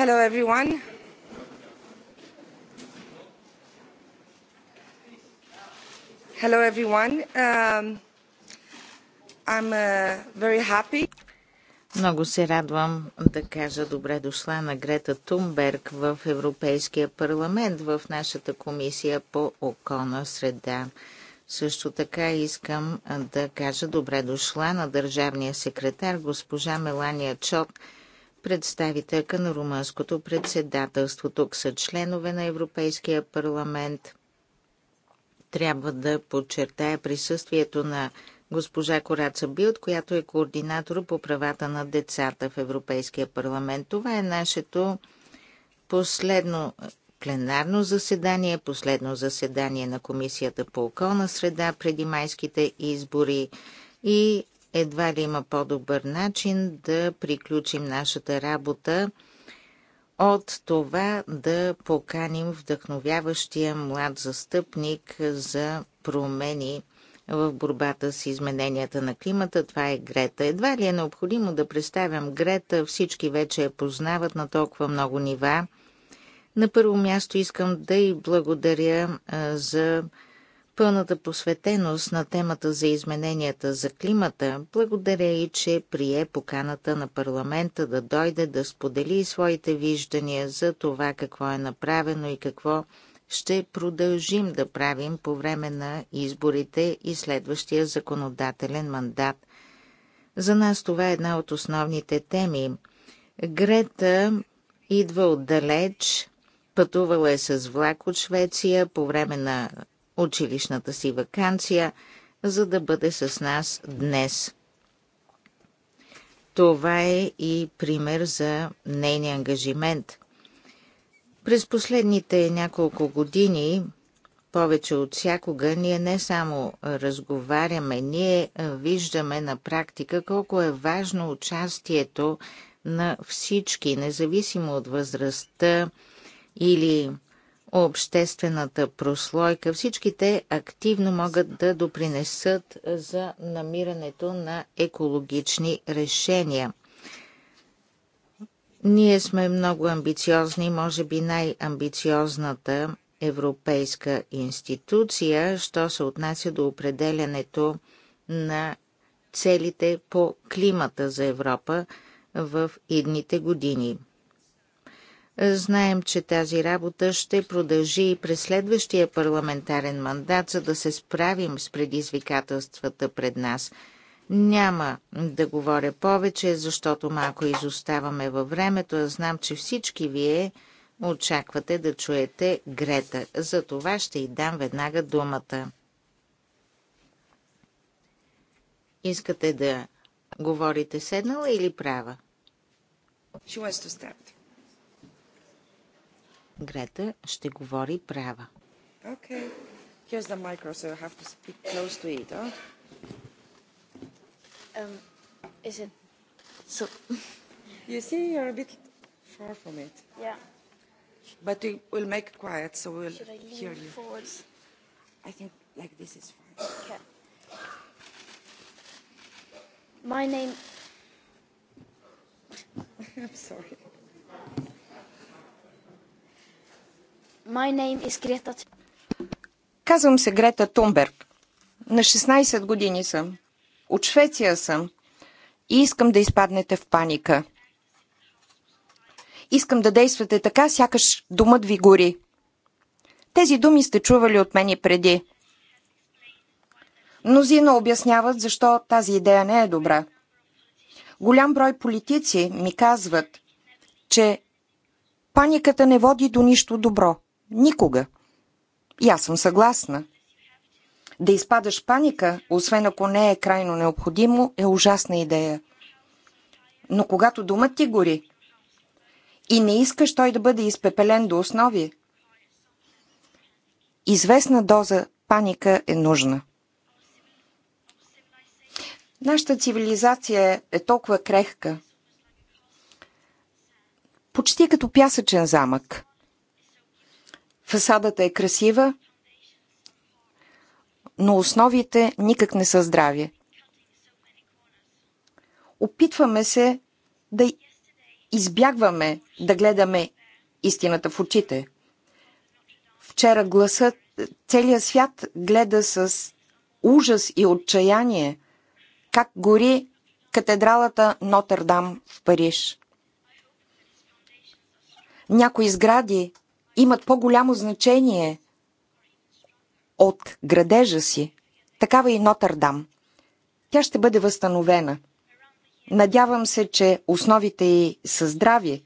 Hello, everyone. Hello, everyone. Um, I'm uh, very happy. Много се радвам да кажа добре дошла на Грета Тумберг в Европейския парламент в нашата комисия по околна среда. Също така искам да кажа добре дошла на държавния секретар госпожа Мелания Чот – представителка на румънското председателство. Тук са членове на Европейския парламент. Трябва да подчертая присъствието на госпожа Кораца Билт, която е координатор по правата на децата в Европейския парламент. Това е нашето последно пленарно заседание, последно заседание на Комисията по околна среда преди майските избори и едва ли има по-добър начин да приключим нашата работа от това да поканим вдъхновяващия млад застъпник за промени в борбата с измененията на климата. Това е Грета. Едва ли е необходимо да представям Грета, всички вече я познават на толкова много нива. На първо място искам да й благодаря за пълната посветеност на темата за измененията за климата. Благодаря и, че прие поканата на парламента да дойде да сподели своите виждания за това какво е направено и какво ще продължим да правим по време на изборите и следващия законодателен мандат. За нас това е една от основните теми. Грета идва отдалеч, пътувала е с влак от Швеция по време на училищната си вакансия, за да бъде с нас днес. Това е и пример за нейния ангажимент. През последните няколко години, повече от всякога, ние не само разговаряме, ние виждаме на практика колко е важно участието на всички, независимо от възрастта или обществената прослойка, всички те активно могат да допринесат за намирането на екологични решения. Ние сме много амбициозни, може би най-амбициозната европейска институция, що се отнася до определянето на целите по климата за Европа в идните години – Знаем, че тази работа ще продължи и през следващия парламентарен мандат, за да се справим с предизвикателствата пред нас. Няма да говоря повече, защото малко изоставаме във времето, а знам, че всички вие очаквате да чуете Грета. За това ще й дам веднага думата. Искате да говорите седнала или права? She wants to start. Грета ще говори права. Okay. Here's the micro, so I have to speak close to it. Huh? Um, is it so? you see, you're a bit far from it. Yeah. But we we'll make it quiet, so we'll Should I hear you. Forwards? I think like this is fine. Okay. My name. I'm sorry. My name is Greta. Казвам се Грета Тунберг. На 16 години съм. От Швеция съм. И искам да изпаднете в паника. Искам да действате така, сякаш думът ви гори. Тези думи сте чували от мен и преди. Мнозина обясняват защо тази идея не е добра. Голям брой политици ми казват, че паниката не води до нищо добро. Никога. И аз съм съгласна. Да изпадаш паника, освен ако не е крайно необходимо, е ужасна идея. Но когато думът ти гори и не искаш той да бъде изпепелен до основи, известна доза паника е нужна. Нашата цивилизация е толкова крехка, почти като пясъчен замък. Фасадата е красива, но основите никак не са здрави. Опитваме се да избягваме да гледаме истината в очите. Вчера гласът, целият свят гледа с ужас и отчаяние как гори катедралата Нотърдам в Париж. Някои сгради имат по-голямо значение от градежа си. Такава и Нотърдам. Тя ще бъде възстановена. Надявам се, че основите й са здрави.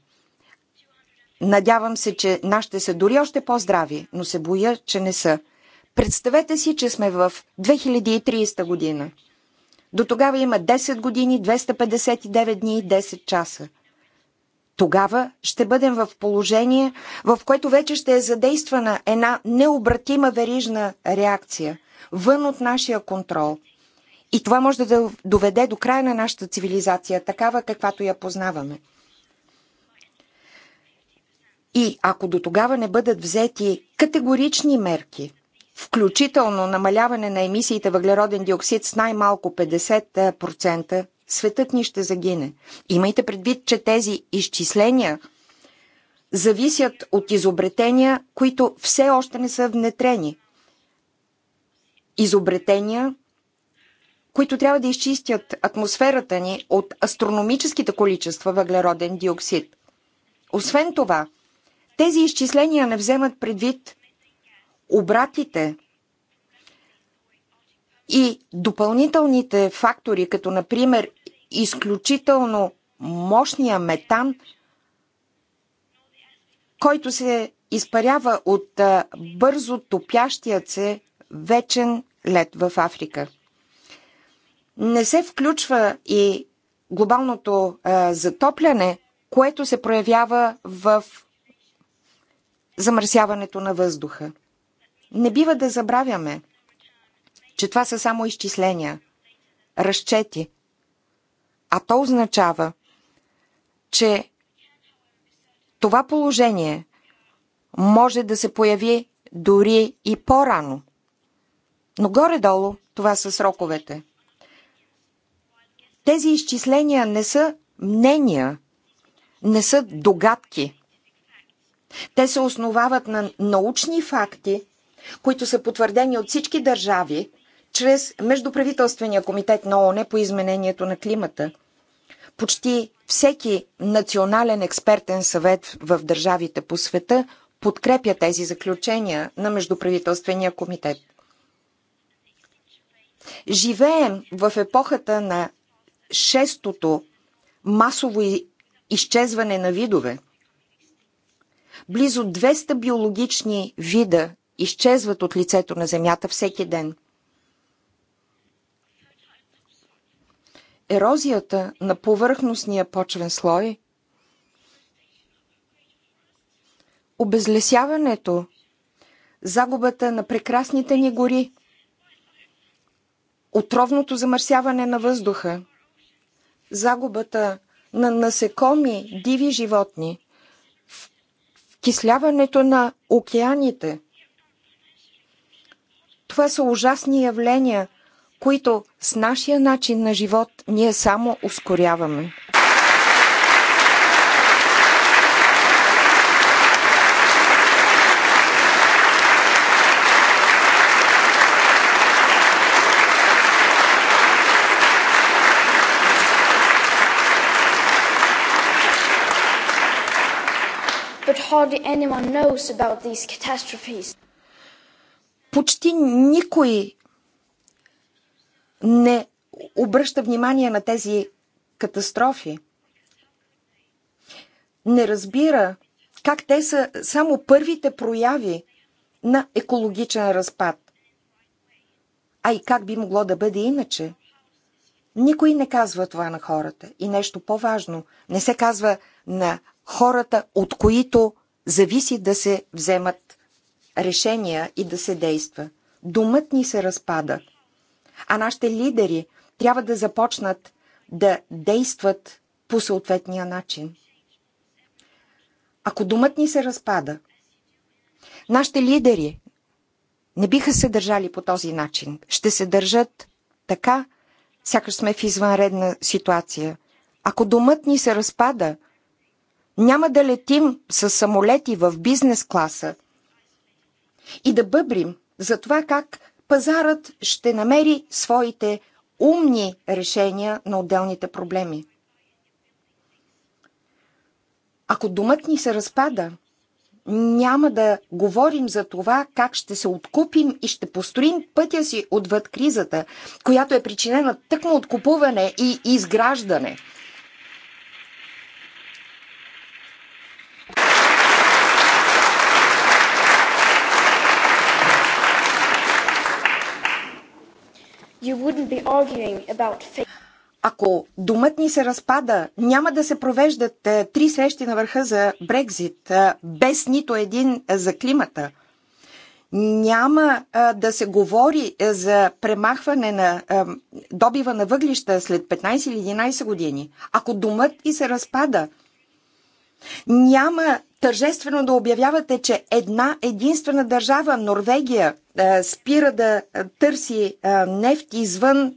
Надявам се, че нашите са дори още по-здрави, но се боя, че не са. Представете си, че сме в 2030 година. До тогава има 10 години, 259 дни и 10 часа. Тогава ще бъдем в положение, в което вече ще е задействана една необратима верижна реакция вън от нашия контрол. И това може да доведе до края на нашата цивилизация, такава каквато я познаваме. И ако до тогава не бъдат взети категорични мерки, включително намаляване на емисиите въглероден диоксид с най-малко 50%, светът ни ще загине. Имайте предвид, че тези изчисления зависят от изобретения, които все още не са внетрени. Изобретения, които трябва да изчистят атмосферата ни от астрономическите количества въглероден диоксид. Освен това, тези изчисления не вземат предвид обратите и допълнителните фактори, като например изключително мощния метан, който се изпарява от бързо топящият се вечен лед в Африка. Не се включва и глобалното а, затопляне, което се проявява в замърсяването на въздуха. Не бива да забравяме, че това са само изчисления, разчети. А то означава, че това положение може да се появи дори и по-рано. Но горе-долу това са сроковете. Тези изчисления не са мнения, не са догадки. Те се основават на научни факти които са потвърдени от всички държави чрез Междуправителствения комитет на ООН по изменението на климата. Почти всеки национален експертен съвет в държавите по света подкрепя тези заключения на Междуправителствения комитет. Живеем в епохата на шестото масово изчезване на видове. Близо 200 биологични вида изчезват от лицето на земята всеки ден. Ерозията на повърхностния почвен слой, обезлесяването, загубата на прекрасните ни гори, отровното замърсяване на въздуха, загубата на насекоми, диви животни, вкисляването на океаните, това са ужасни явления, които с нашия начин на живот ние само ускоряваме. But hardly anyone knows about these catastrophes почти никой не обръща внимание на тези катастрофи. Не разбира как те са само първите прояви на екологичен разпад. А и как би могло да бъде иначе? Никой не казва това на хората. И нещо по-важно, не се казва на хората, от които зависи да се вземат решения и да се действа. Думът ни се разпада, а нашите лидери трябва да започнат да действат по съответния начин. Ако думът ни се разпада, нашите лидери не биха се държали по този начин. Ще се държат така, сякаш сме в извънредна ситуация. Ако думът ни се разпада, няма да летим с самолети в бизнес класа, и да бъбрим за това как пазарът ще намери своите умни решения на отделните проблеми. Ако думът ни се разпада, няма да говорим за това как ще се откупим и ще построим пътя си отвъд кризата, която е причинена тъкмо от купуване и изграждане – Ако думът ни се разпада, няма да се провеждат е, три срещи на върха за Брекзит, е, без нито един е, за климата. Няма да се говори за премахване на добива на въглища след 15 или 11 години. Ако думът ни се разпада, няма тържествено да обявявате, че една единствена държава, Норвегия, е, спира да е, търси е, нефт извън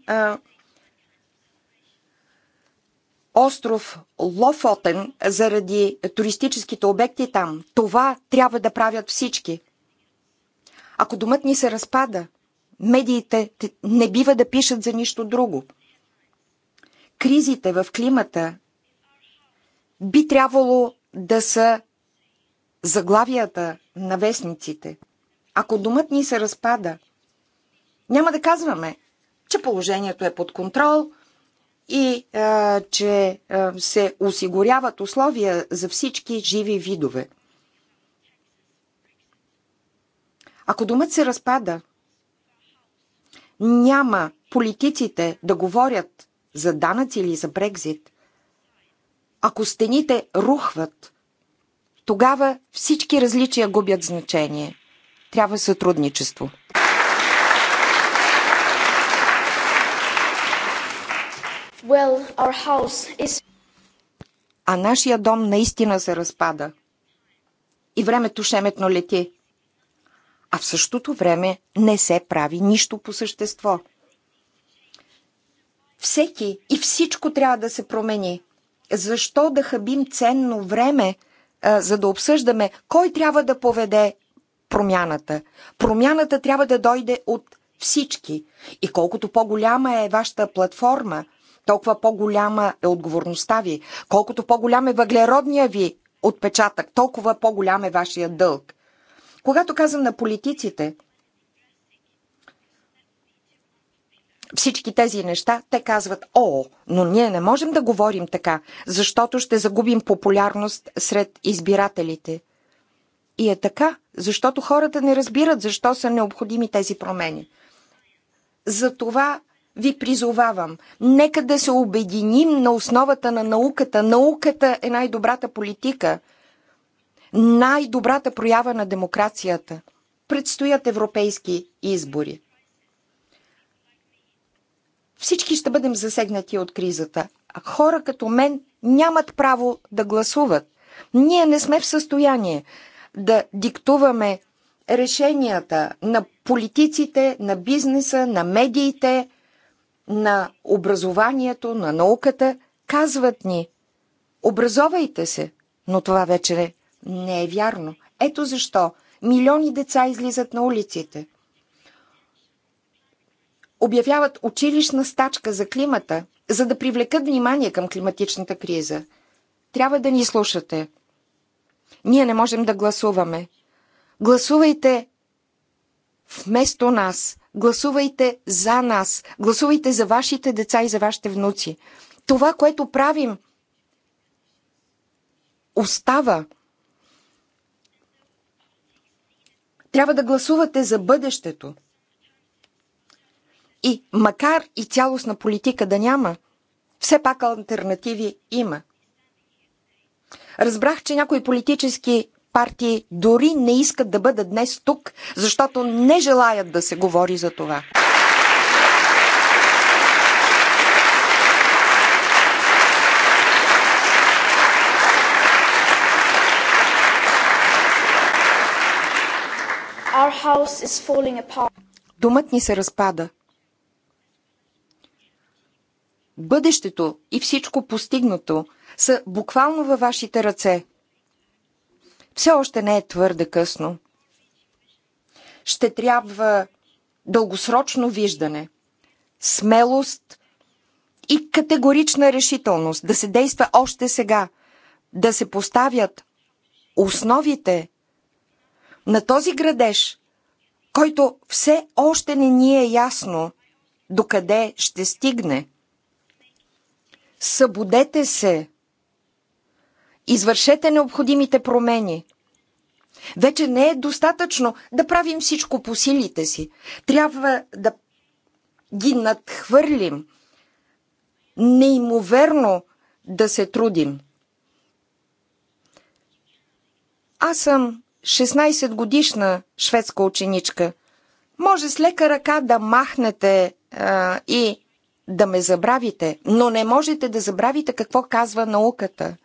остров Лофотен заради туристическите обекти там. Това трябва да правят всички. Ако домът ни се разпада, медиите не бива да пишат за нищо друго. Кризите в климата би трябвало да са заглавията на вестниците. Ако думът ни се разпада, няма да казваме, че положението е под контрол и а, че а, се осигуряват условия за всички живи видове. Ако думът се разпада, няма политиците да говорят за данъци или за Брекзит – ако стените рухват, тогава всички различия губят значение. Трябва сътрудничество. Well, our house is... А нашия дом наистина се разпада. И времето шеметно лети. А в същото време не се прави нищо по същество. Всеки и всичко трябва да се промени защо да хабим ценно време, а, за да обсъждаме кой трябва да поведе промяната. Промяната трябва да дойде от всички. И колкото по-голяма е вашата платформа, толкова по-голяма е отговорността ви. Колкото по-голям е въглеродния ви отпечатък, толкова по-голям е вашия дълг. Когато казвам на политиците – всички тези неща, те казват о, но ние не можем да говорим така, защото ще загубим популярност сред избирателите. И е така, защото хората не разбират защо са необходими тези промени. Затова ви призовавам, нека да се обединим на основата на науката. Науката е най-добрата политика, най-добрата проява на демокрацията. Предстоят европейски избори. Всички ще бъдем засегнати от кризата. А хора като мен нямат право да гласуват. Ние не сме в състояние да диктуваме решенията на политиците, на бизнеса, на медиите, на образованието, на науката. Казват ни, образовайте се, но това вече не е вярно. Ето защо милиони деца излизат на улиците – обявяват училищна стачка за климата, за да привлекат внимание към климатичната криза. Трябва да ни слушате. Ние не можем да гласуваме. Гласувайте вместо нас. Гласувайте за нас. Гласувайте за вашите деца и за вашите внуци. Това, което правим, остава. Трябва да гласувате за бъдещето. И макар и цялостна политика да няма, все пак альтернативи има. Разбрах, че някои политически партии дори не искат да бъдат днес тук, защото не желаят да се говори за това. Домът ни се разпада бъдещето и всичко постигнато са буквално във вашите ръце. Все още не е твърде късно. Ще трябва дългосрочно виждане, смелост и категорична решителност да се действа още сега, да се поставят основите на този градеж, който все още не ни е ясно докъде ще стигне – Събудете се! Извършете необходимите промени. Вече не е достатъчно да правим всичко по силите си. Трябва да ги надхвърлим. Неимоверно да се трудим. Аз съм 16 годишна шведска ученичка. Може с лека ръка да махнете а, и да ме забравите, но не можете да забравите какво казва науката.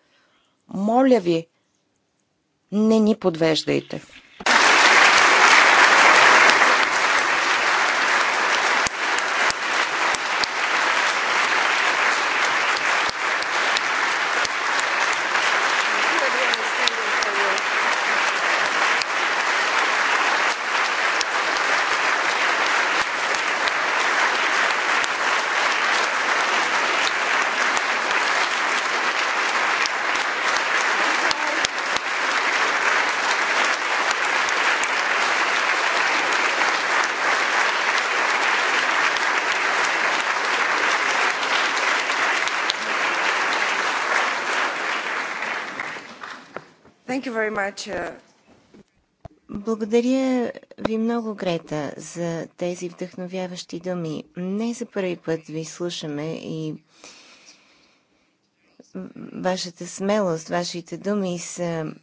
Моля ви, не ни подвеждайте. Uh, Благодаря ви много, Грета, за тези вдъхновяващи думи. Не за първи път ви слушаме и вашата смелост, вашите думи са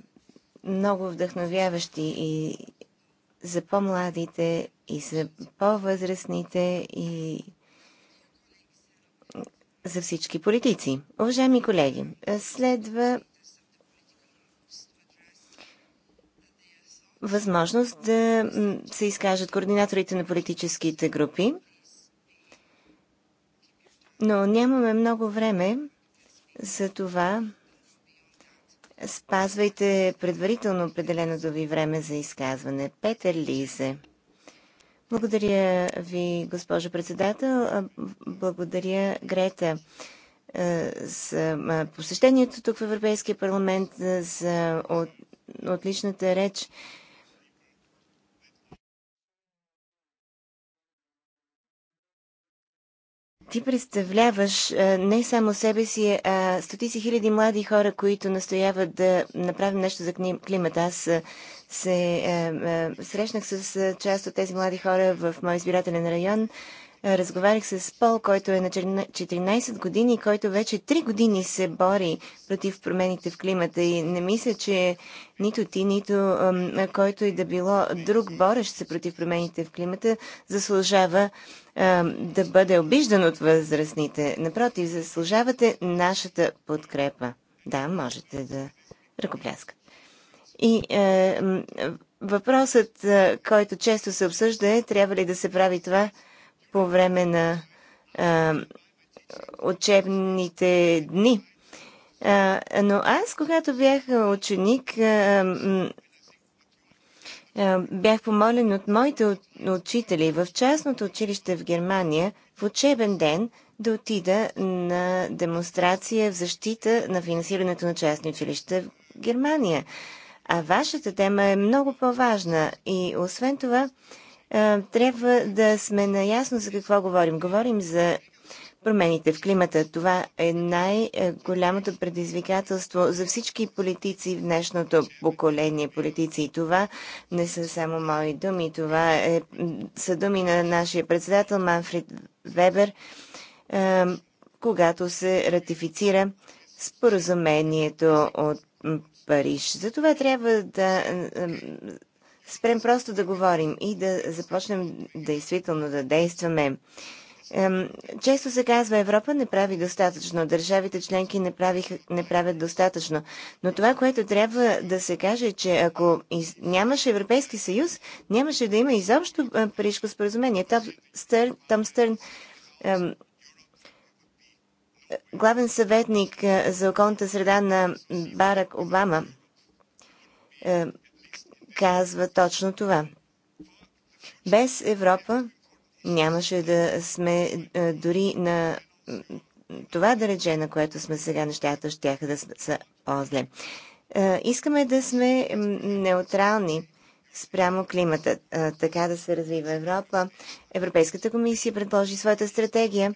много вдъхновяващи и за по-младите, и за по-възрастните, и за всички политици. Уважаеми колеги, следва възможност да се изкажат координаторите на политическите групи. Но нямаме много време, за това спазвайте предварително определеното ви време за изказване. Петър Лизе. Благодаря ви, госпожо председател. Благодаря, Грета, за посещението тук в Европейския парламент, за отличната реч. Ти представляваш не само себе си, а стотици хиляди млади хора, които настояват да направим нещо за климата. Аз се срещнах с част от тези млади хора в моя избирателен район е, разговарях с Пол, който е на 14 години и който вече 3 години се бори против промените в климата и не мисля, че нито ти, нито който и да било друг борещ се против промените в климата заслужава да бъде обиждан от възрастните. Напротив, заслужавате нашата подкрепа. Да, можете да ръкопляска. И е, въпросът, е, който често се обсъжда е, трябва ли да се прави това по време на а, учебните дни. А, но аз, когато бях ученик, а, а, бях помолен от моите учители в частното училище в Германия в учебен ден да отида на демонстрация в защита на финансирането на частни училища в Германия. А вашата тема е много по-важна и освен това е, трябва да сме наясно за какво говорим. Говорим за промените в климата. Това е най-голямото предизвикателство за всички политици в днешното поколение политици. И това не са само мои думи. Това е, са думи на нашия председател Манфред Вебер, е, когато се ратифицира споразумението от Париж. Затова трябва да е, спрем просто да говорим и да започнем действително да действаме. Често се казва, Европа не прави достатъчно, държавите членки не, правих, не правят достатъчно. Но това, което трябва да се каже, е, че ако из... нямаше Европейски съюз, нямаше да има изобщо е, Парижко споразумение. Том Стърн, Том Стърн ем, главен съветник е, за околната среда на Барак Обама, ем, казва точно това. Без Европа нямаше да сме е, дори на това да рече, на което сме сега, нещата ще да са по-зле. Е, искаме да сме неутрални спрямо климата. Е, така да се развива Европа. Европейската комисия предложи своята стратегия.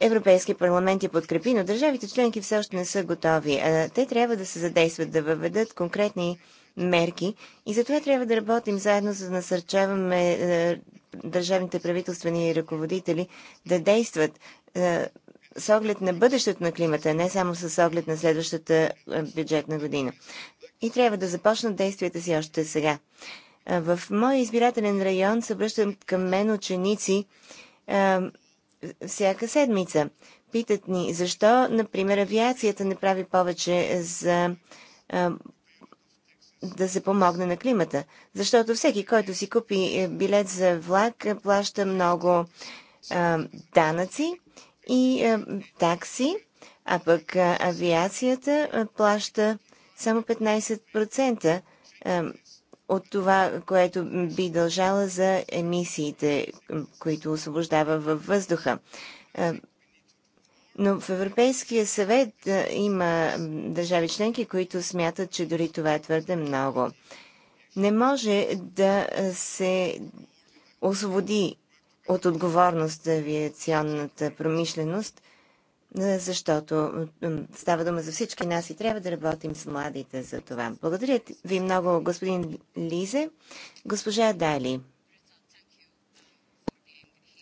Европейски парламент я подкрепи, но държавите членки все още не са готови. Те трябва да се задействат да въведат конкретни мерки и затова трябва да работим заедно, за да насърчаваме е, държавните правителствени ръководители да действат е, с оглед на бъдещето на климата, не само с оглед на следващата е, бюджетна година. И трябва да започнат действията си още сега. Е, в моя избирателен район се обръщам към мен ученици е, всяка седмица. Питат ни защо, например, авиацията не прави повече за е, да се помогне на климата. Защото всеки, който си купи е, билет за влак, е, плаща много а, данъци и а, такси, а пък а, авиацията а, плаща само 15% а, от това, което би дължала за емисиите, които освобождава във въздуха. Но в Европейския съвет има държави членки, които смятат, че дори това е твърде много. Не може да се освободи от отговорност авиационната промишленост, защото става дума за всички нас и трябва да работим с младите за това. Благодаря ви много, господин Лизе. Госпожа Дали.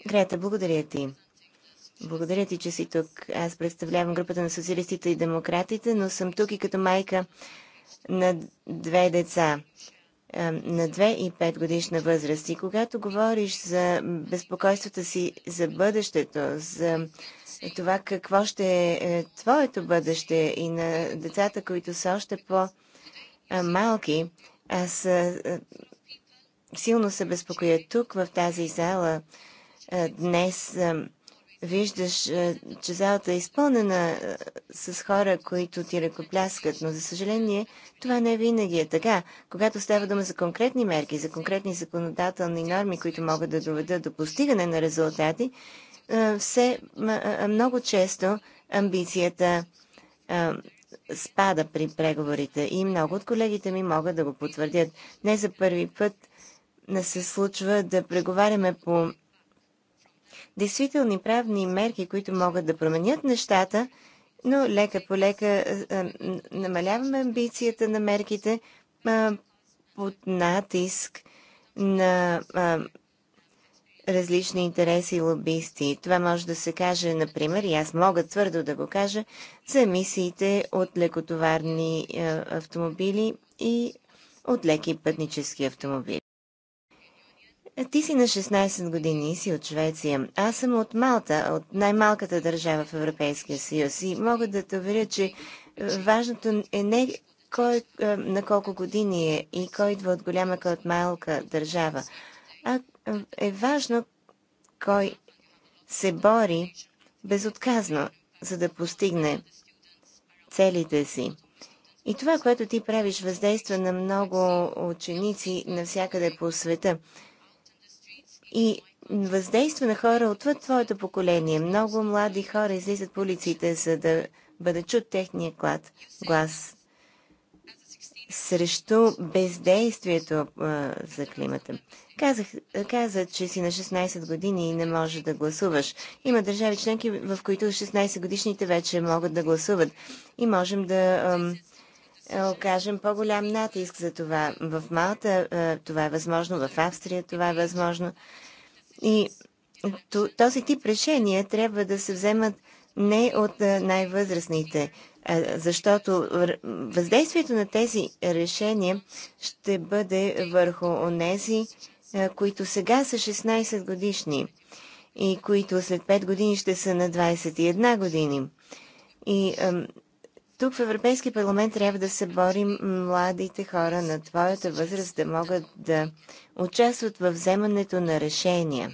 Грета, благодаря ти благодаря ти, че си тук. Аз представлявам групата на социалистите и демократите, но съм тук и като майка на две деца е, на 2 и 5 годишна възраст. И когато говориш за безпокойствата си за бъдещето, за това какво ще е, е твоето бъдеще и на децата, които са още по-малки, аз е, силно се безпокоя тук, в тази зала. Днес виждаш, е, че залата е изпълнена е, с хора, които ти ръкопляскат, но за съжаление това не винаги е така. Когато става дума за конкретни мерки, за конкретни законодателни норми, които могат да доведат до постигане на резултати, е, все много често амбицията спада при преговорите и много от колегите ми могат да го потвърдят. Не за първи път не се случва да преговаряме по действителни правни мерки, които могат да променят нещата, но лека по лека намаляваме амбицията на мерките а, под натиск на а, различни интереси и лобисти. Това може да се каже, например, и аз мога твърдо да го кажа, за емисиите от лекотоварни а, автомобили и от леки пътнически автомобили. Ти си на 16 години и си от Швеция. Аз съм от Малта, от най-малката държава в Европейския съюз. И мога да те уверя, че е, важното е не кой е, на колко години е и кой идва от голяма, кой от малка държава, а е важно кой се бори безотказно, за да постигне целите си. И това, което ти правиш, въздейства на много ученици навсякъде по света и въздейства на хора отвъд твоето поколение. Много млади хора излизат по улиците, за да бъде чут техния клад, глас срещу бездействието а, за климата. Казах, каза, че си на 16 години и не може да гласуваш. Има държави членки, в които 16 годишните вече могат да гласуват. И можем да е, окажем по-голям натиск за това. В Малта а, това е възможно, в Австрия това е възможно. И този тип решения трябва да се вземат не от най-възрастните, защото въздействието на тези решения ще бъде върху онези, които сега са 16 годишни и които след 5 години ще са на 21 години. И тук в Европейски парламент трябва да се борим младите хора на твоята възраст да могат да участват във вземането на решения.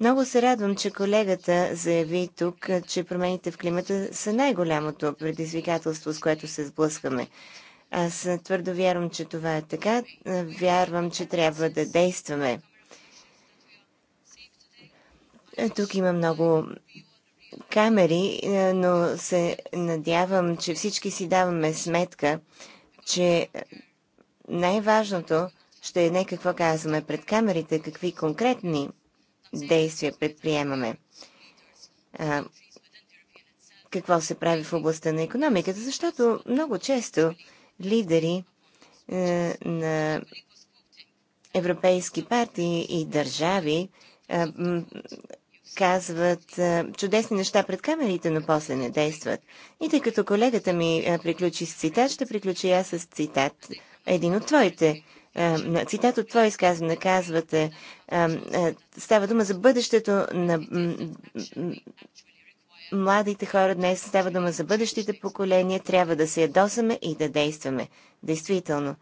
Много се радвам, че колегата заяви тук, че промените в климата са най-голямото предизвикателство, с което се сблъскаме. Аз твърдо вярвам, че това е така. Вярвам, че трябва да действаме. Тук има много камери, но се надявам, че всички си даваме сметка, че най-важното ще е не какво казваме пред камерите, какви конкретни действия предприемаме. А, какво се прави в областта на економиката, защото много често лидери е, на европейски партии и държави е, казват е, чудесни неща пред камерите, но после не действат. И тъй като колегата ми приключи с цитат, ще приключи аз с цитат. Един от твоите Цитат от това изказване казвате, е, става дума за бъдещето на младите хора днес, става дума за бъдещите поколения, трябва да се ядосаме и да действаме. Действително,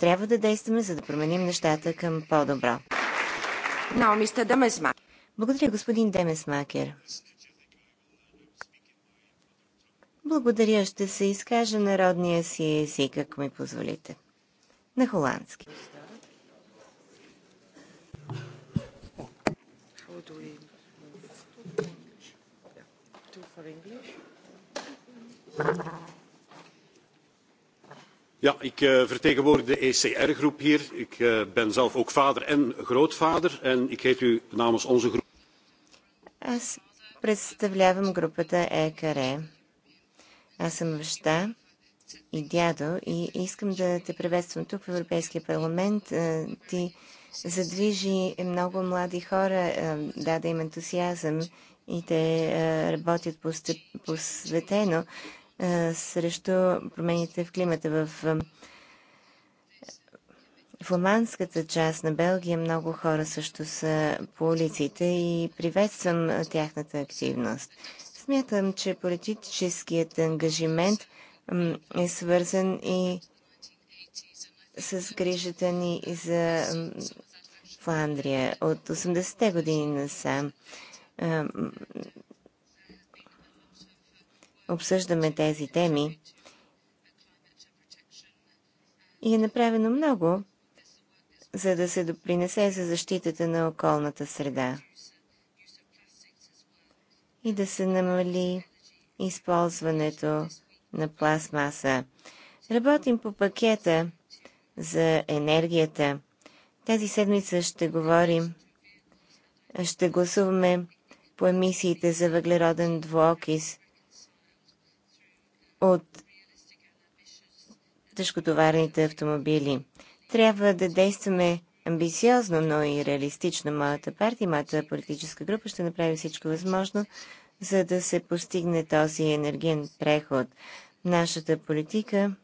трябва да действаме, за да променим нещата към по-добро. Благодаря, господин Демесмакер. Благодаря, ще се изкажа народния си език, ако ми позволите на холандски. Ja, ik uh, vertegenwoordig de ECR-groep hier. Ik uh, ben zelf ook vader en grootvader en ik heet u namens onze groep. Аз представлявам групата ЕКР. Аз съм баща и дядо и искам да те приветствам тук в Европейския парламент. Е, ти задвижи много млади хора, е, даде им ентусиазъм и те е, работят посветено срещу промените в климата в в част на Белгия много хора също са по улиците и приветствам тяхната активност. Смятам, че политическият ангажимент е свързан и с грижата ни за Фландрия. От 80-те години насам сам. обсъждаме тези теми и е направено много, за да се допринесе за защитата на околната среда и да се намали използването на пластмаса. Работим по пакета за енергията. Тази седмица ще говорим, ще гласуваме по емисиите за въглероден двуокис от тежкотоварните автомобили. Трябва да действаме амбициозно, но и реалистично. Моята партия, моята политическа група ще направи всичко възможно за да се постигне този енергиен преход. Нашата политика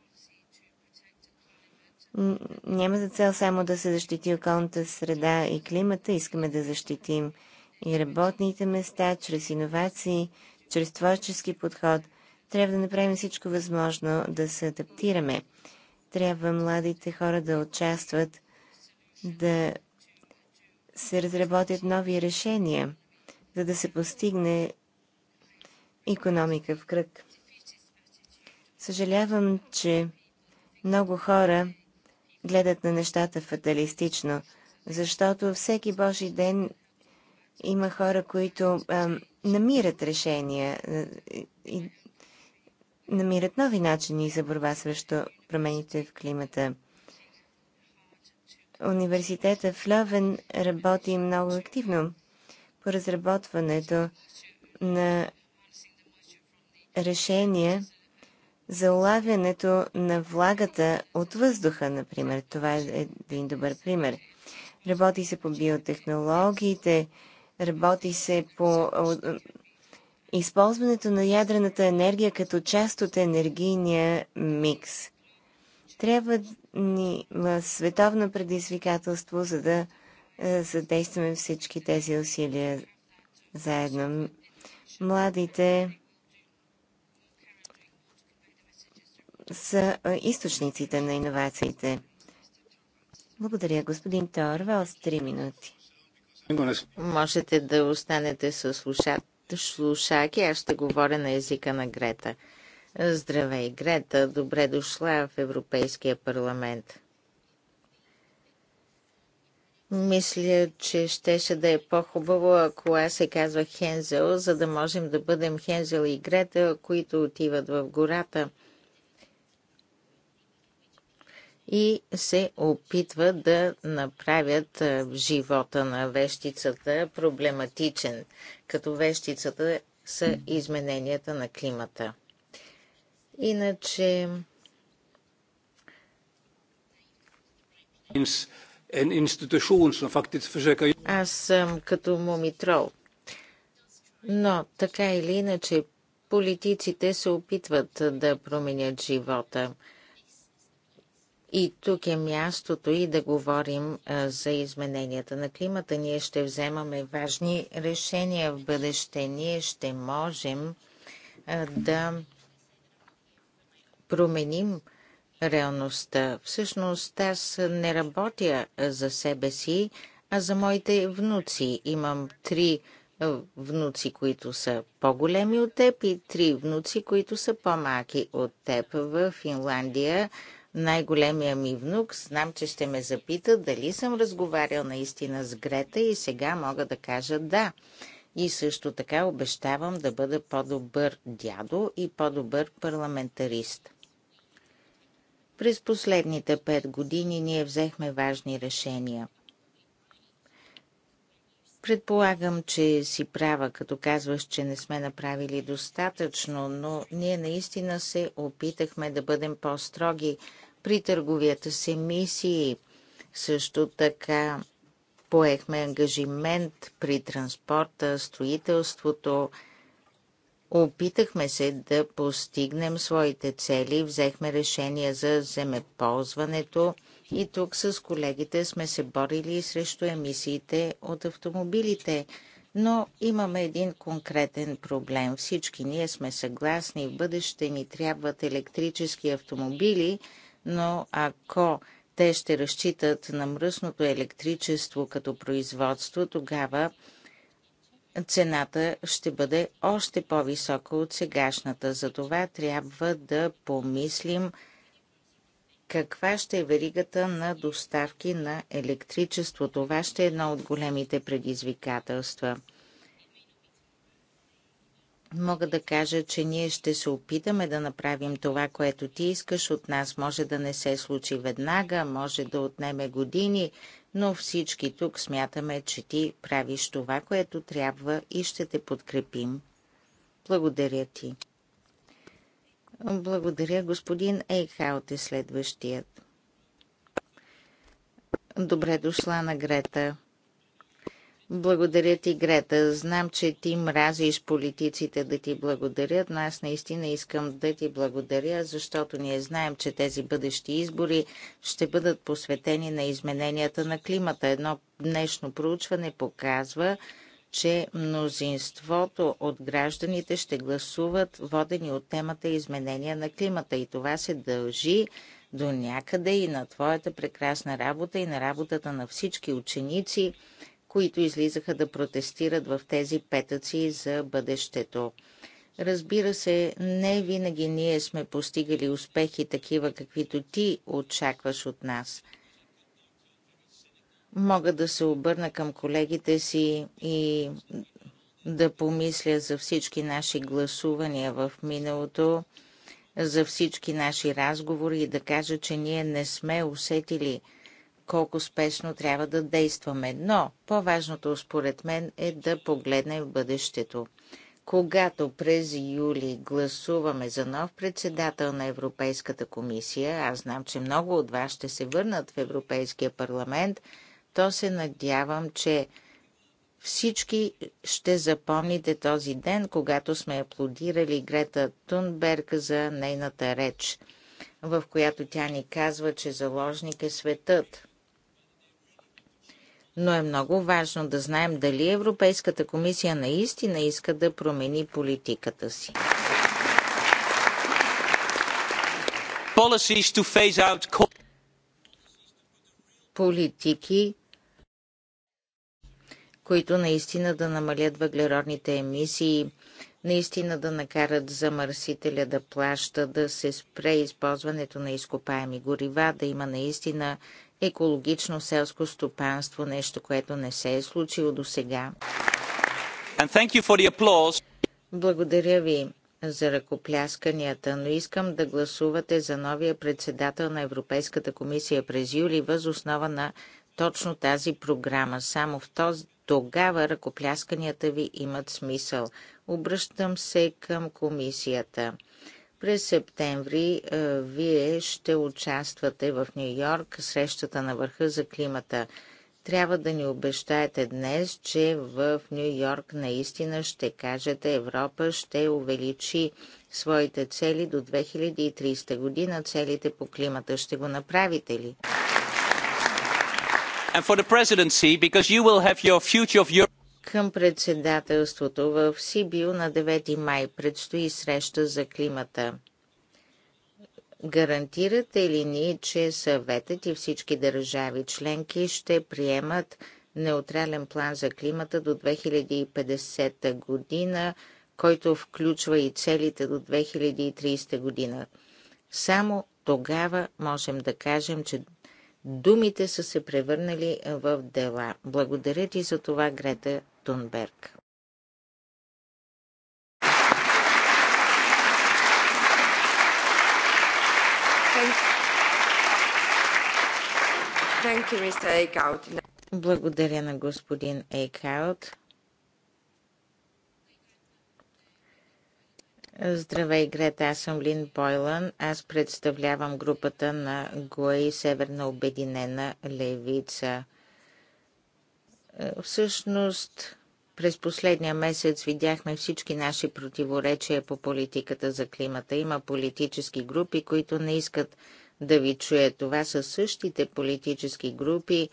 няма за цел само да се защити околната среда и климата. Искаме да защитим и работните места, чрез иновации, чрез творчески подход. Трябва да направим всичко възможно да се адаптираме. Трябва младите хора да участват, да се разработят нови решения, за да се постигне економика в кръг. Съжалявам, че много хора гледат на нещата фаталистично, защото всеки Божи ден има хора, които а, намират решения и намират нови начини за борба срещу промените в климата. Университета в Льовен работи много активно по разработването на решение за улавянето на влагата от въздуха, например. Това е един добър пример. Работи се по биотехнологиите, работи се по използването на ядрената енергия като част от енергийния микс. Трябва ни световно предизвикателство, за да е, задействаме всички тези усилия заедно. Младите са източниците на иновациите. Благодаря, господин с Три минути. Можете да останете с слушаки. Аз ще говоря на езика на Грета. Здравей, Грета. Добре дошла в Европейския парламент. Мисля, че щеше да е по-хубаво, ако аз се казва Хензел, за да можем да бъдем Хензел и Грета, които отиват в гората – и се опитват да направят живота на вещицата проблематичен, като вещицата са измененията на климата. Иначе Аз съм като мумитрол. Но така или иначе, политиците се опитват да променят живота. И тук е мястото и да говорим за измененията на климата. Ние ще вземаме важни решения в бъдеще. Ние ще можем да променим реалността. Всъщност аз не работя за себе си, а за моите внуци. Имам три внуци, които са по-големи от теб и три внуци, които са по-маки от теб. В Финландия най-големия ми внук, знам, че ще ме запита дали съм разговарял наистина с Грета и сега мога да кажа да. И също така обещавам да бъда по-добър дядо и по-добър парламентарист. През последните пет години ние взехме важни решения. Предполагам, че си права, като казваш, че не сме направили достатъчно, но ние наистина се опитахме да бъдем по-строги при търговията с емисии. Също така поехме ангажимент при транспорта, строителството. Опитахме се да постигнем своите цели, взехме решения за земеползването и тук с колегите сме се борили срещу емисиите от автомобилите. Но имаме един конкретен проблем. Всички ние сме съгласни, в бъдеще ни трябват електрически автомобили – но ако те ще разчитат на мръсното електричество като производство, тогава цената ще бъде още по-висока от сегашната. Затова трябва да помислим каква ще е веригата на доставки на електричество. Това ще е едно от големите предизвикателства. Мога да кажа, че ние ще се опитаме да направим това, което ти искаш от нас. Може да не се случи веднага, може да отнеме години, но всички тук смятаме, че ти правиш това, което трябва и ще те подкрепим. Благодаря ти. Благодаря, господин Ейхаут е следващият. Добре дошла на Грета. Благодаря ти, Грета. Знам, че ти мразиш политиците да ти благодарят, но аз наистина искам да ти благодаря, защото ние знаем, че тези бъдещи избори ще бъдат посветени на измененията на климата. Едно днешно проучване показва, че мнозинството от гражданите ще гласуват водени от темата изменения на климата и това се дължи до някъде и на твоята прекрасна работа и на работата на всички ученици, които излизаха да протестират в тези петъци за бъдещето. Разбира се, не винаги ние сме постигали успехи такива, каквито ти очакваш от нас. Мога да се обърна към колегите си и да помисля за всички наши гласувания в миналото, за всички наши разговори и да кажа, че ние не сме усетили – колко спешно трябва да действаме. Но по-важното според мен е да погледнем в бъдещето. Когато през юли гласуваме за нов председател на Европейската комисия, аз знам, че много от вас ще се върнат в Европейския парламент, то се надявам, че всички ще запомните този ден, когато сме аплодирали Грета Тунберг за нейната реч, в която тя ни казва, че заложник е светът но е много важно да знаем дали Европейската комисия наистина иска да промени политиката си. Политики, които наистина да намалят въглеродните емисии, наистина да накарат замърсителя да плаща, да се спре използването на изкопаеми горива, да има наистина екологично селско стопанство, нещо, което не се е случило до сега. Благодаря ви за ръкоплясканията, но искам да гласувате за новия председател на Европейската комисия през юли въз основа на точно тази програма. Само в този тогава ръкоплясканията ви имат смисъл. Обръщам се към комисията. През септември е, вие ще участвате в Нью Йорк, срещата на върха за климата. Трябва да ни обещаете днес, че в Нью Йорк наистина ще кажете Европа ще увеличи своите цели до 2030 година, целите по климата. Ще го направите ли? And for the presidency, because you will have your future of Europe към председателството в Сибил на 9 май предстои среща за климата. Гарантирате ли ни, че съветът и всички държави членки ще приемат неутрален план за климата до 2050 година, който включва и целите до 2030 година? Само тогава можем да кажем, че думите са се превърнали в дела. Благодаря ти за това, Грета Тунберг. Благодаря на господин Ейкаут. Здравей, Грета, аз съм Лин Бойлан. Аз представлявам групата на ГОИ Северна обединена левица. Всъщност, през последния месец видяхме всички наши противоречия по политиката за климата. Има политически групи, които не искат да ви чуят. Това са същите политически групи,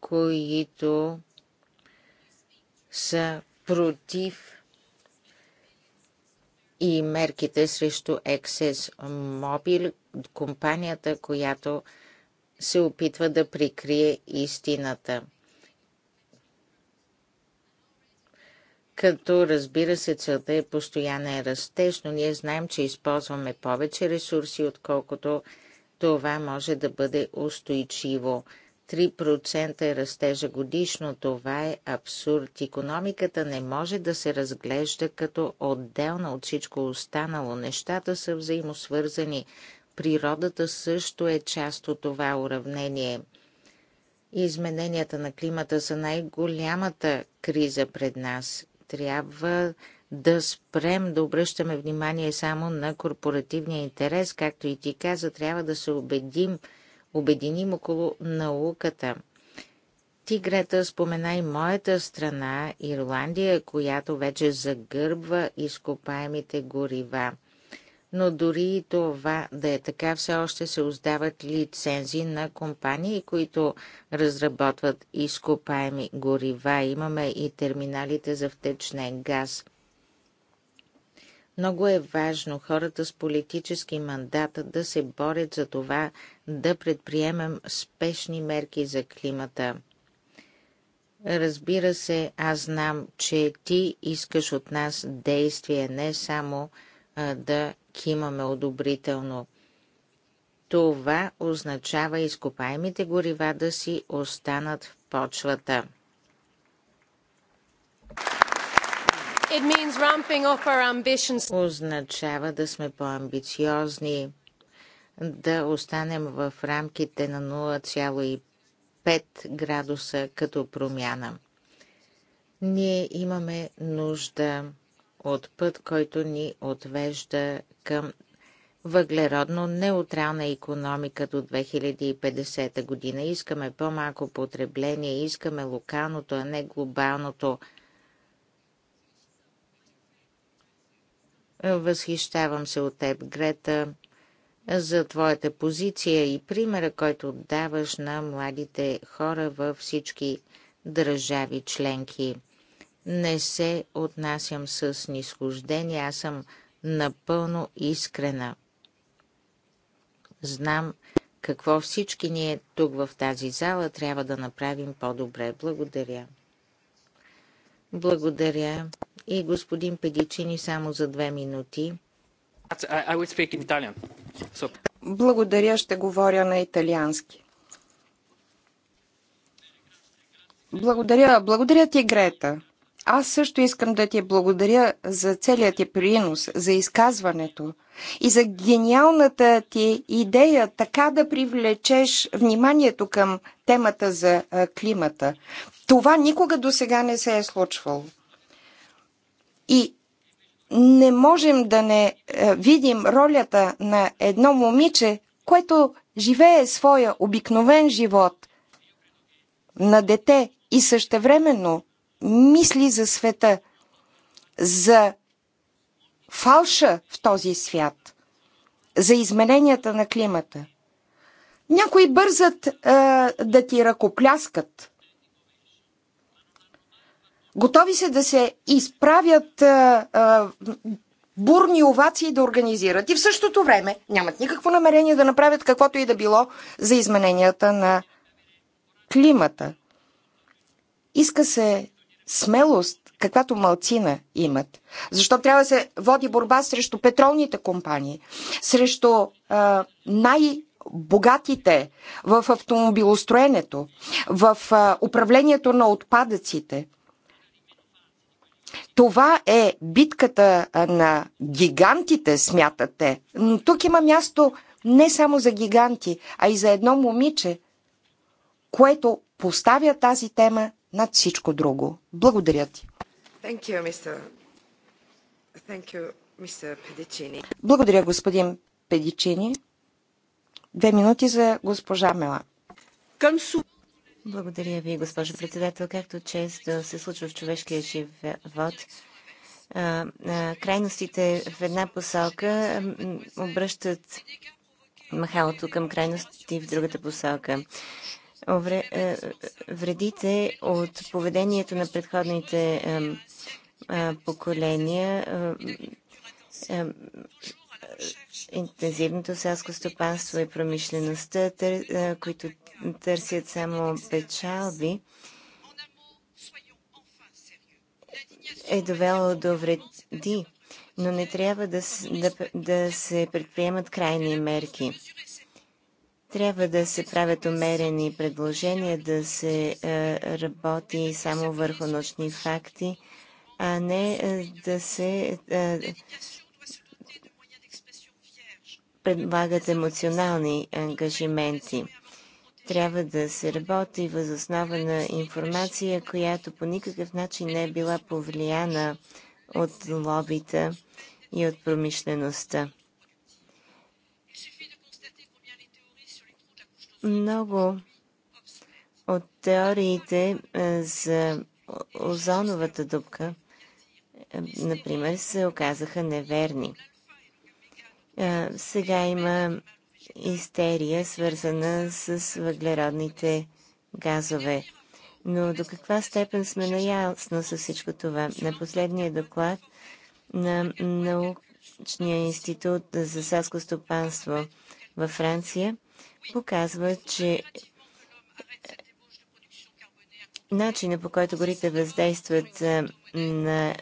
които са против и мерките срещу Excess Мобил. компанията, която се опитва да прикрие истината. като разбира се целта е постоянен растеж, но ние знаем, че използваме повече ресурси, отколкото това може да бъде устойчиво. 3% е растежа годишно. Това е абсурд. Економиката не може да се разглежда като отделна от всичко останало. Нещата са взаимосвързани. Природата също е част от това уравнение. Измененията на климата са най-голямата криза пред нас трябва да спрем да обръщаме внимание само на корпоративния интерес, както и ти каза, трябва да се убедим, обединим около науката. Ти, Грета, спомена и моята страна, Ирландия, която вече загърбва изкопаемите горива но дори и това да е така, все още се оздават лицензии на компании, които разработват изкопаеми горива. Имаме и терминалите за втечнен газ. Много е важно хората с политически мандат да се борят за това да предприемем спешни мерки за климата. Разбира се, аз знам, че ти искаш от нас действие, не само да кимаме одобрително. Това означава изкопаемите горива да си останат в почвата. Означава да сме по-амбициозни, да останем в рамките на 0,5 градуса като промяна. Ние имаме нужда от път, който ни отвежда към въглеродно неутрална економика до 2050 година. Искаме по-малко потребление, искаме локалното, а не глобалното. Възхищавам се от теб, Грета, за твоята позиция и примера, който даваш на младите хора във всички държави членки не се отнасям с нисхождение. аз съм напълно искрена. Знам какво всички ние тук в тази зала трябва да направим по-добре. Благодаря. Благодаря. И господин Педичини само за две минути. So... Благодаря, ще говоря на италиански. Благодаря, благодаря ти, Грета. Аз също искам да ти благодаря за целият ти принос, за изказването и за гениалната ти идея така да привлечеш вниманието към темата за климата. Това никога до сега не се е случвало. И не можем да не видим ролята на едно момиче, което живее своя обикновен живот на дете и същевременно мисли за света, за фалша в този свят, за измененията на климата. Някои бързат е, да ти ръкопляскат. Готови се да се изправят е, е, бурни овации да организират и в същото време нямат никакво намерение да направят каквото и да било за измененията на климата. Иска се смелост, каквато малцина имат. Защо трябва да се води борба срещу петролните компании, срещу а, най- богатите в автомобилостроенето, в а, управлението на отпадъците. Това е битката на гигантите, смятате. Но тук има място не само за гиганти, а и за едно момиче, което поставя тази тема над всичко друго. Благодаря ти. Благодаря, господин Педичини. Две минути за госпожа Мела. Благодаря ви, госпожо председател. Както често се случва в човешкия живот, крайностите в една посока обръщат махалото към крайности в другата посока. Е, вредите от поведението на предходните е, е, поколения, интензивното селско стопанство и промишлеността, които търсят само печалби, е довело до вреди, но не трябва да, да се предприемат крайни мерки. Трябва да се правят умерени предложения, да се е, работи само върху научни факти, а не е, да се е, предлагат емоционални ангажименти. Трябва да се работи възоснова на информация, която по никакъв начин не е била повлияна от лобита и от промишлеността. Много от теориите е, за озоновата дупка, е, например, се оказаха неверни. Е, сега има истерия, свързана с въглеродните газове. Но до каква степен сме наясно с всичко това? На последния доклад на научния институт за селско стопанство във Франция показва, че начина по който горите въздействат на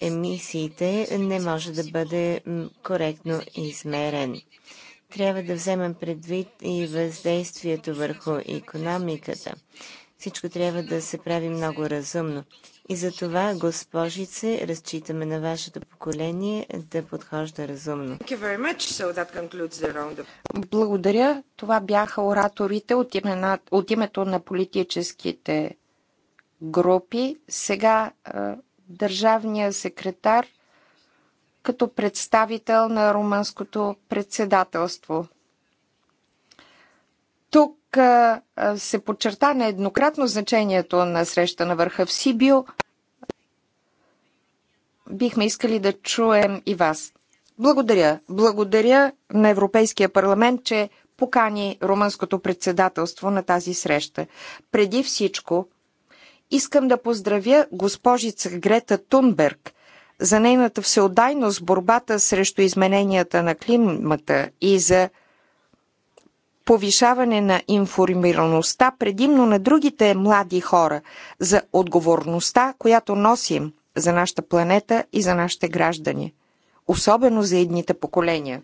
емисиите не може да бъде коректно измерен. Трябва да вземем предвид и въздействието върху економиката. Всичко трябва да се прави много разумно. И за това, госпожице, разчитаме на вашето поколение да подхожда разумно. Благодаря. Това бяха ораторите от, имена, от името на политическите групи. Сега държавния секретар като представител на румънското председателство. Тук се подчерта нееднократно значението на среща на върха в Сибио. Бихме искали да чуем и вас. Благодаря. Благодаря на Европейския парламент, че покани румънското председателство на тази среща. Преди всичко, искам да поздравя госпожица Грета Тунберг за нейната всеотдайност борбата срещу измененията на климата и за повишаване на информираността, предимно на другите млади хора, за отговорността, която носим за нашата планета и за нашите граждани, особено за едните поколения.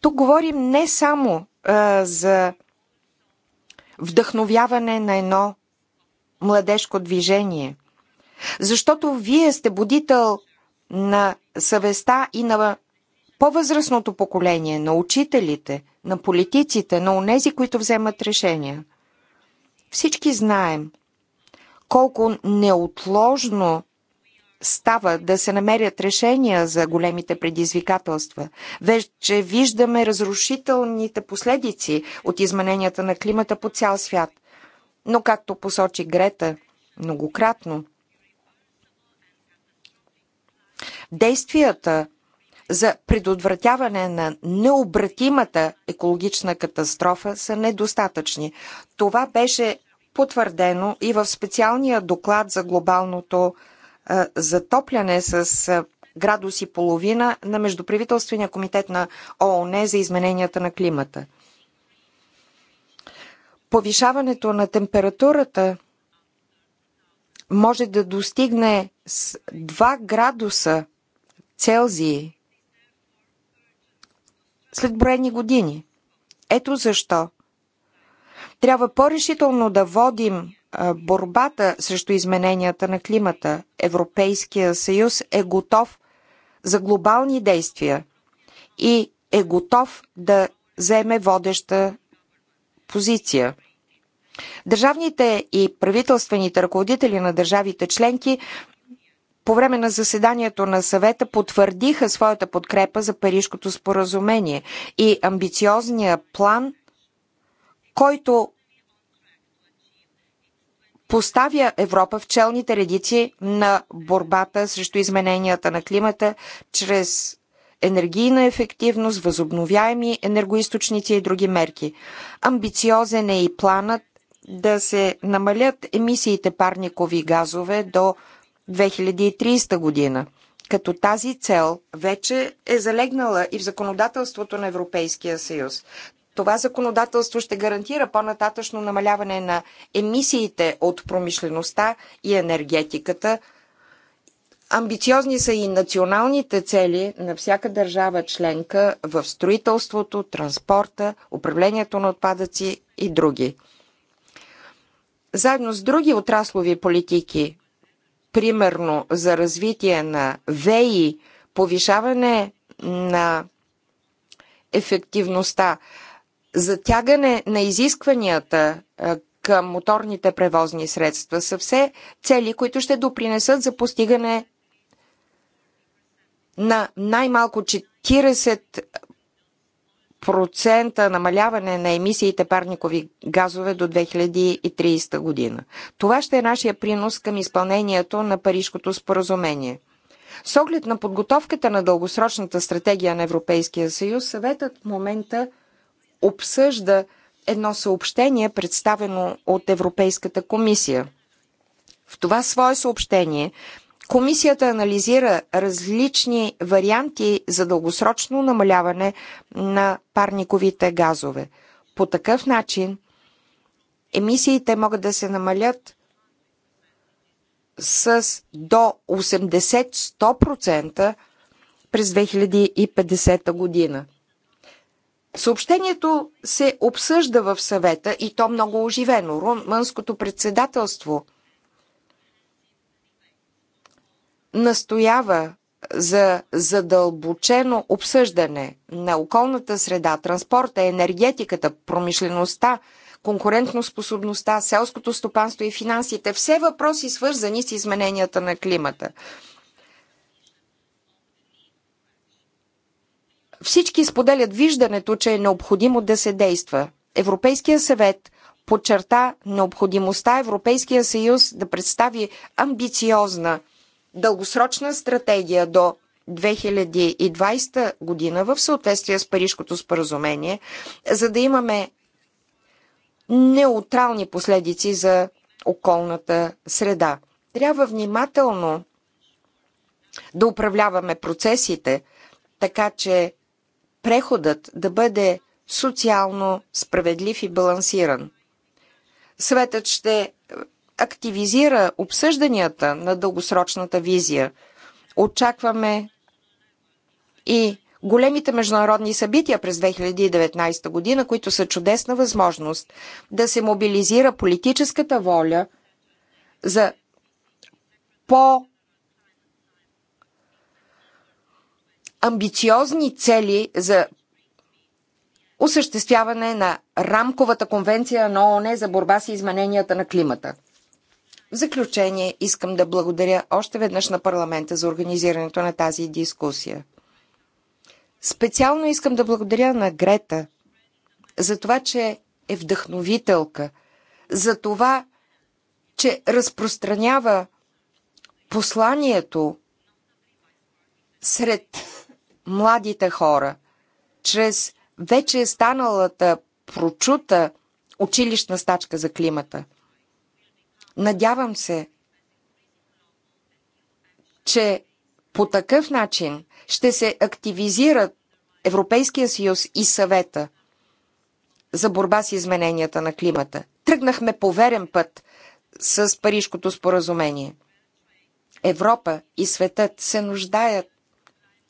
Тук говорим не само а, за вдъхновяване на едно младежко движение, защото вие сте будител на съвестта и на по-възрастното поколение, на учителите, на политиците, на онези, които вземат решения. Всички знаем колко неотложно става да се намерят решения за големите предизвикателства. Вече виждаме разрушителните последици от измененията на климата по цял свят. Но както посочи Грета многократно, действията за предотвратяване на необратимата екологична катастрофа са недостатъчни. Това беше потвърдено и в специалния доклад за глобалното а, затопляне с а, градус и половина на Междуправителствения комитет на ООН за измененията на климата. Повишаването на температурата може да достигне с 2 градуса Целзии след броени години. Ето защо трябва по-решително да водим борбата срещу измененията на климата. Европейския съюз е готов за глобални действия и е готов да вземе водеща позиция. Държавните и правителствените ръководители на държавите членки по време на заседанието на съвета потвърдиха своята подкрепа за Парижкото споразумение и амбициозния план, който поставя Европа в челните редици на борбата срещу измененията на климата чрез енергийна ефективност, възобновяеми енергоисточници и други мерки. Амбициозен е и планът да се намалят емисиите парникови газове до 2030 година, като тази цел вече е залегнала и в законодателството на Европейския съюз. Това законодателство ще гарантира по-нататъчно намаляване на емисиите от промишлеността и енергетиката. Амбициозни са и националните цели на всяка държава членка в строителството, транспорта, управлението на отпадъци и други. Заедно с други отраслови политики примерно за развитие на ВЕИ, повишаване на ефективността, затягане на изискванията към моторните превозни средства са все цели, които ще допринесат за постигане на най-малко 40 процента намаляване на емисиите парникови газове до 2030 година. Това ще е нашия принос към изпълнението на Парижкото споразумение. С оглед на подготовката на дългосрочната стратегия на Европейския съюз, съветът в момента обсъжда едно съобщение, представено от Европейската комисия. В това свое съобщение Комисията анализира различни варианти за дългосрочно намаляване на парниковите газове. По такъв начин емисиите могат да се намалят с до 80-100% през 2050 година. Съобщението се обсъжда в съвета и то много оживено. Румънското председателство настоява за задълбочено обсъждане на околната среда, транспорта, енергетиката, промишлеността, конкурентноспособността, селското стопанство и финансите. Все въпроси свързани с измененията на климата. Всички споделят виждането, че е необходимо да се действа. Европейския съвет подчерта необходимостта Европейския съюз да представи амбициозна дългосрочна стратегия до 2020 година в съответствие с Парижкото споразумение, за да имаме неутрални последици за околната среда. Трябва внимателно да управляваме процесите, така че преходът да бъде социално справедлив и балансиран. Светът ще активизира обсъжданията на дългосрочната визия. Очакваме и големите международни събития през 2019 година, които са чудесна възможност да се мобилизира политическата воля за по амбициозни цели за осъществяване на рамковата конвенция на ООН за борба с измененията на климата. В заключение искам да благодаря още веднъж на парламента за организирането на тази дискусия. Специално искам да благодаря на Грета за това, че е вдъхновителка, за това, че разпространява посланието сред младите хора, чрез вече станалата прочута училищна стачка за климата. Надявам се, че по такъв начин ще се активизират Европейския съюз и съвета за борба с измененията на климата. Тръгнахме по верен път с Парижкото споразумение. Европа и светът се нуждаят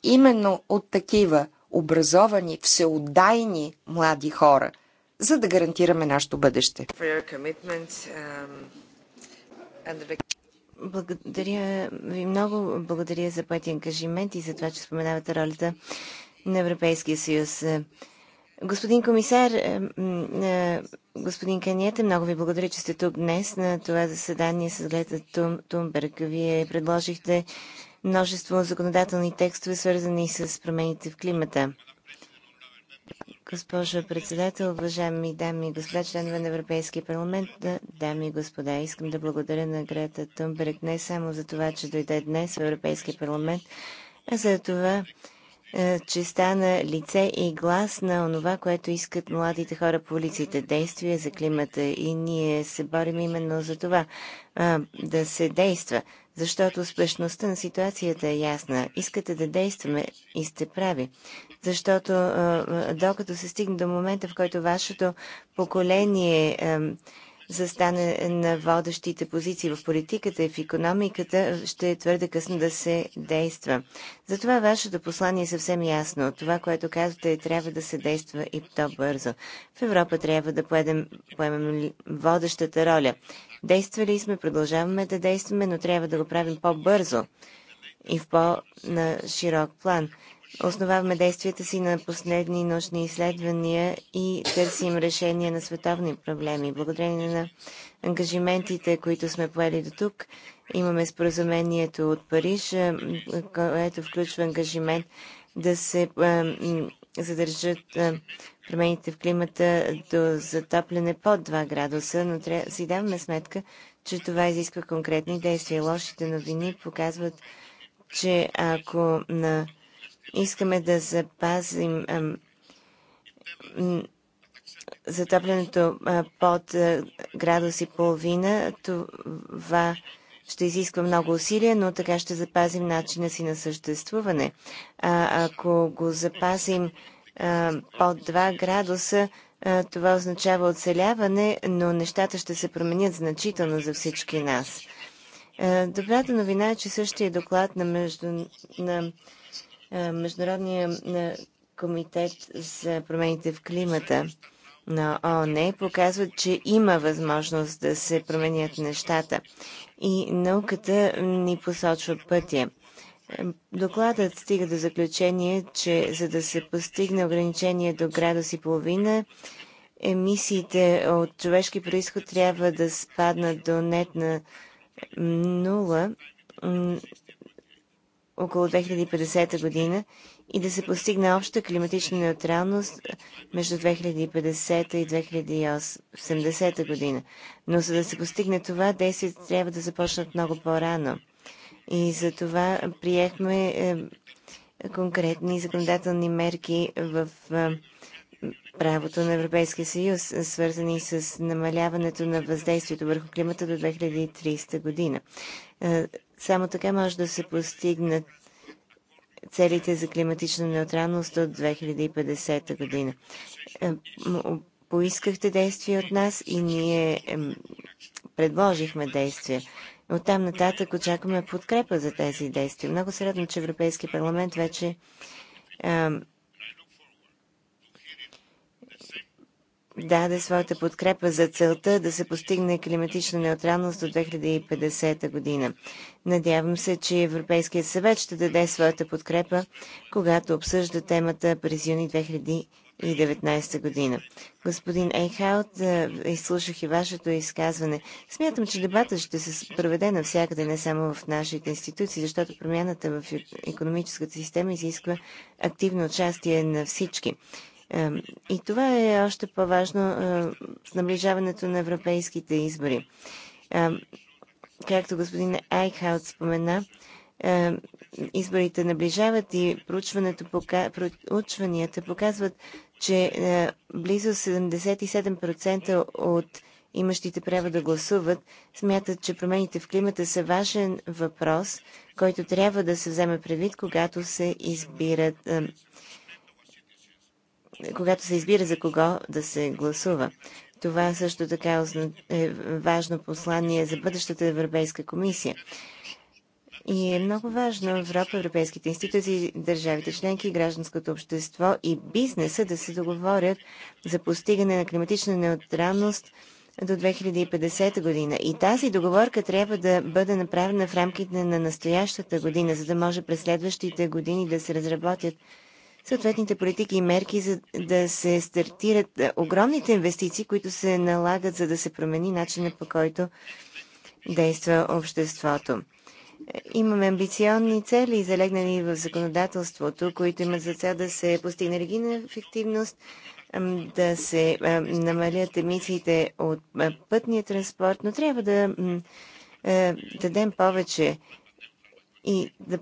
именно от такива образовани, всеотдайни млади хора, за да гарантираме нашето бъдеще. Благодаря ви много. Благодаря за поети ангажимент и за това, че споменавате ролята на Европейския съюз. Господин комисар, господин Каниета, много ви благодаря, че сте тук днес на това заседание с гледа Тумберг. Вие предложихте множество законодателни текстове, свързани с промените в климата. Госпожо председател, уважаеми дами и господа, членове на Европейския парламент, дами и господа, искам да благодаря на Грета Тунберг не само за това, че дойде днес в Европейския парламент, а за това, е, че стана лице и глас на онова, което искат младите хора по улиците. Действие за климата. И ние се борим именно за това. Е, да се действа. Защото успешността на ситуацията е ясна. Искате да действаме и сте прави защото докато се стигне до момента, в който вашето поколение застане на водещите позиции в политиката и в економиката, ще е твърде късно да се действа. Затова вашето послание е съвсем ясно. Това, което казвате, трябва да се действа и то бързо. В Европа трябва да поедем, поемем водещата роля. Действали сме, продължаваме да действаме, но трябва да го правим по-бързо и в по-широк план. Основаваме действията си на последни научни изследвания и търсим решение на световни проблеми. Благодарение на ангажиментите, които сме поели до тук, имаме споразумението от Париж, което включва ангажимент да се задържат промените в климата до затапляне под 2 градуса, но трябва да си даваме сметка, че това изисква конкретни действия. Лошите новини показват, че ако на искаме да запазим затоплянето под градус и половина, това ще изисква много усилия, но така ще запазим начина си на съществуване. А, ако го запазим под 2 градуса, това означава оцеляване, но нещата ще се променят значително за всички нас. добрата новина е, че същия доклад на, между, на е, Международния е, комитет за промените в климата на ООН показват, че има възможност да се променят нещата. И науката ни посочва пътя. Е, докладът стига до заключение, че за да се постигне ограничение до градус и половина, емисиите от човешки происход трябва да спаднат до нет на нула около 2050 година и да се постигне обща климатична неутралност между 2050 и 2080 година. Но за да се постигне това, действията трябва да започнат много по-рано. И за това приехме е, конкретни законодателни мерки в е, правото на Европейския съюз, свързани с намаляването на въздействието върху климата до 2030 година. Е, само така може да се постигнат целите за климатична неутралност от 2050 година. Е, поискахте действия от нас и ние предложихме действия. От там нататък очакваме подкрепа за тези действия. Много се радвам, че Европейски парламент вече даде своята подкрепа за целта да се постигне климатична неутралност до 2050 година. Надявам се, че Европейският съвет ще даде своята подкрепа, когато обсъжда темата през юни 2019 година. Господин Ейхаут, изслушах и вашето изказване. Смятам, че дебата ще се проведе навсякъде, не само в нашите институции, защото промяната в економическата система изисква активно участие на всички. И това е още по-важно е, с наближаването на европейските избори. Както господин Айкхаут спомена, изборите наближават и проучванията показват, че е, близо 77% от имащите право да гласуват смятат, че промените в климата са важен въпрос, който трябва да се вземе предвид, когато се избират когато се избира за кого да се гласува. Това също така е важно послание за бъдещата Европейска комисия. И е много важно Европа, европейските институции, държавите членки, гражданското общество и бизнеса да се договорят за постигане на климатична неутралност до 2050 година. И тази договорка трябва да бъде направена в рамките на настоящата година, за да може през следващите години да се разработят съответните политики и мерки, за да се стартират е, огромните инвестиции, които се налагат, за да се промени начина по който действа обществото. Е, имаме амбициозни цели, залегнали в законодателството, които имат за цел да се постигне енергийна ефективност, да се намалят емисиите от пътния транспорт, но трябва да е, дадем повече и да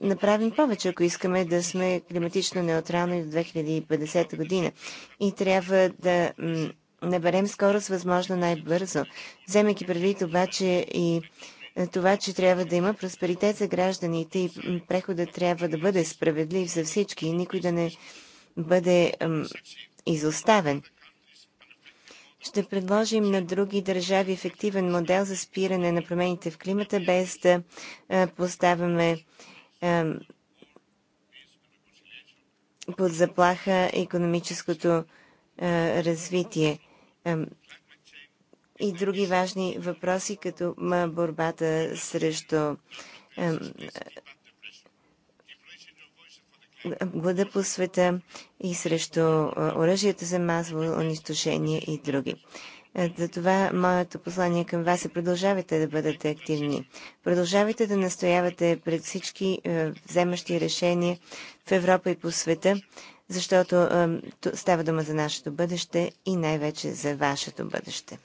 направим повече, ако искаме да сме климатично неутрални до 2050 година. И трябва да наберем скорост възможно най-бързо, вземайки предвид обаче и е, това, че трябва да има просперитет за гражданите и преходът трябва да бъде справедлив за всички и никой да не бъде изоставен ще предложим на други държави ефективен модел за спиране на промените в климата, без да поставяме под заплаха економическото развитие и други важни въпроси, като борбата срещу глада по света и срещу оръжията за масово унищожение и други. Е, затова моето послание към вас е продължавайте да бъдете активни. Продължавайте да настоявате пред всички е, вземащи решения в Европа и по света, защото е, става дума за нашето бъдеще и най-вече за вашето бъдеще.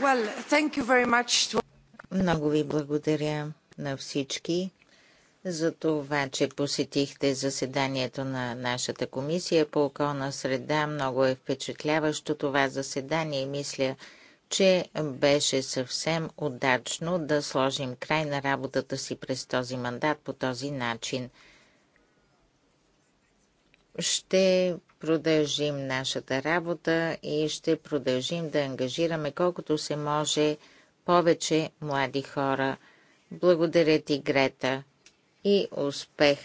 Well, to... Много ви благодаря на всички за това, че посетихте заседанието на нашата комисия по околна среда. Много е впечатляващо това заседание и мисля, че беше съвсем удачно да сложим край на работата си през този мандат по този начин. Ще продължим нашата работа и ще продължим да ангажираме колкото се може повече млади хора. Благодаря ти, Грета и успех.